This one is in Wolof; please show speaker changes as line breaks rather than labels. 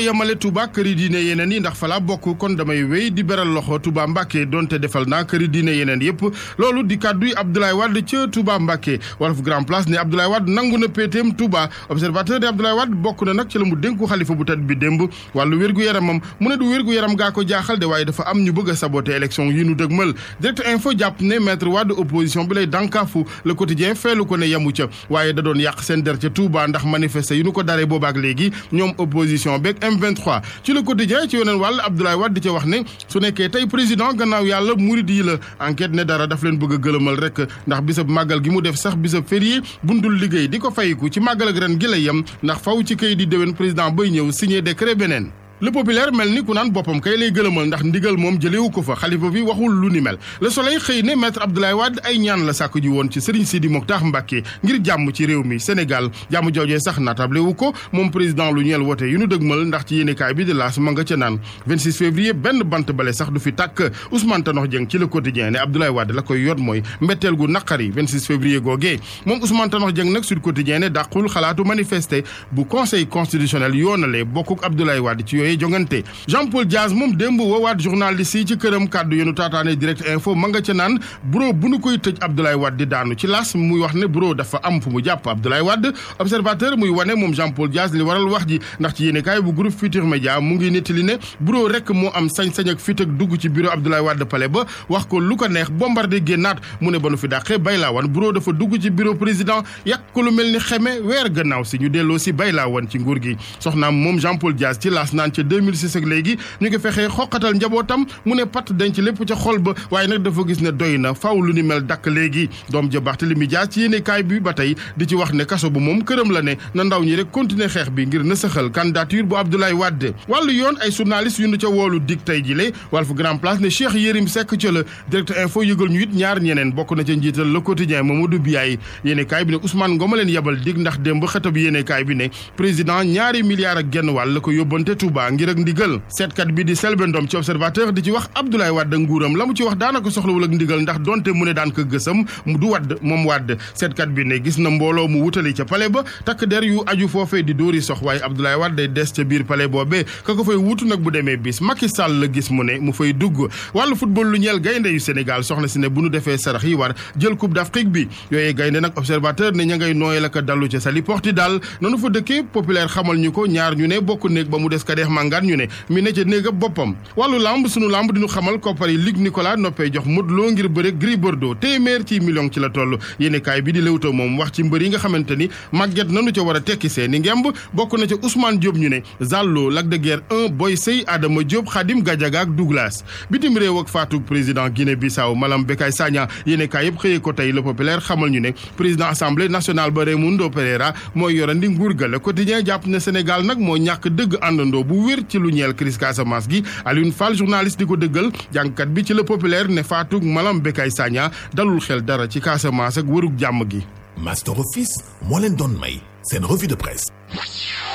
ma yemale Touba këri diine yeneen yi ndax falaa bokk kon damay wéy di beral loxo Touba Mbacké donte defal naa këri diine yeneen yëpp loolu di kàdduy Abdoulaye Wade ca Touba Mbacké Walf Grand Place ne Abdoulaye Wade nangu na péeteem Touba observateur de Abdoulaye Wade bokk na nag ci la mu dénku xalifa bu tat bi démb wàllu wér-gu-yaramam mu ne du wér-gu-yaram gaa ko jaaxal de waaye dafa am ñu bëgg a saboter élection yi nu dëgmal direct info jàpp ne maître Wade opposition bi lay dànkaafu le quotidien feelu ko ne yamu ca waaye da doon yàq seen der ca Touba ndax manifester yi nu ko daree boobaak léegi ñoom M23 ci le quotidien ci weneen wàll Abdoulaye Wade di ca wax ne su nekkee tey président gannaaw yàlla mu di la enquête ne dara daf leen bëgg a gëlëmal rek ndax bisab màggal gi mu def sax bisab férié bundul liggéey di ko fayiku ci màggal ak ren gi la yem ndax faw ci kay di déwén président bay ñëw signé décret beneen le populaire mel ni ku naan boppam kay lay gëlëmal ndax ndigal moom jëlewu ko fa xalifa bi waxul lu ni mel le soleil xëy ne maître Abdoulaye Wade ay ñaan la sàkk ji woon ci Serigne Sidi Mokhtar Mbacké ngir jàmm ci réew mi Sénégal jàmm joojee sax natable ko moom président lu ñeel wote yu nu dëgmal ndax ci yéenekaay bi de laas ma ca naan février benn bant bale sax du fi tàkk Ousmane Tanor Dieng ci le quotidien ne Abdoulaye Wade la koy yot mooy mbetteel gu naqari 26 février googee moom Ousmane Tanor Dieng nag Sud Quotidien ne dàqul xalaatu manifester bu conseil yooyee jongante Jean Paul Diaz moom démb woowaat journaliste yi ci këram kàddu yenu taataane direct info ma nga ca naan bureau bu nu koy tëj Abdoulaye Wade di daanu ci laas muy wax ne bureau dafa am fu mu jàpp Abdoulaye Wade observateur muy wane moom Jean Paul Diaz li waral wax ji ndax ci yéenekaay bu groupe Futur Média mu ngi nettali ne bureau rek moo am sañ-sañ ak fit dugg ci bureau Abdoulaye Wade palais ba wax ko lu ko neex bombardé génnaat mu ne ba nu fi dàqee baylaawan gannaaw si ñu delloo si baylaawan ci nguur gi soxnaam moom Jean Paul Diaz ca 2006 ak léegi ñu ngi fexee xoqatal njabootam mu ne pat denc lépp ca xol ba waaye nag dafa gis ne doy na faaw lu ni mel dakk léegi doom ja Barthélémy Dias ci yéene kaay bi ba tey di ci wax ne kaso bu moom këram la ne na ndaw ñi rek continuer xeex bi ngir nasaxal candidature bu Abdoulaye Wade wàllu yoon ay journalistes yu nu ca woolu dig tey ji le Walf Grand Place ne Cheikh Yérim Seck ca la Direct Info yëgal ñu ñaar ñeneen bokk na ca njiital a Touba ngir ak ndigal seetkat bi di Selbé Ndom ci observateur di ci wax Abdoulaye Wade nguuram la mu ci wax daanaka soxlawul ak ndigal ndax donte mu ne daan ko gësam mu du wadd moom wadd seetkat bi ne gis na mbooloo mu wutali ca palais ba takk der yu aju foofee di dóori sox waaye Abdoulaye Wade day des ca biir palais boobee ka ko fay wutu nag bu demee bis Macky Sall gis mu ne mu fay dugg wàllu football lu ñeel gaynde yu Sénégal soxna si ne bu ñu defee sarax màngaan ñu ne mi ne ca néegab boppam wàllu lamb sunu lamb diñu xamal koppar yi Luc Nicolas noppee jox Modou ngir bëre Gris Bordeaux téeméer ci million ci la toll yéenekaay bi di Leewtoo moom wax ci mbër yi nga xamante ni màgget nanu ca war a tekki seeni ngemb bokk na ca Ousmane Diop ñu ne Zallo Lac de Guerre Boy Sey Adama Diop Khadim Gadiaga Douglas bitim réew ak faatu président Guinée Bissau Malam Bekay Sagna yéenekaay yëpp xëyee ko tey Le Populaire ba Raimundo Pereira mooy yorandi nguur ga wér ci lu ñeel crise Casamance gi Alioune Fall journaliste di ko dëggal jàngkat bi ci la populaire ne faatug Malam Bekay Sagna dalul xel dara ci Casamance ak wërug jàmm gi. Master Office moo leen doon may seen revue de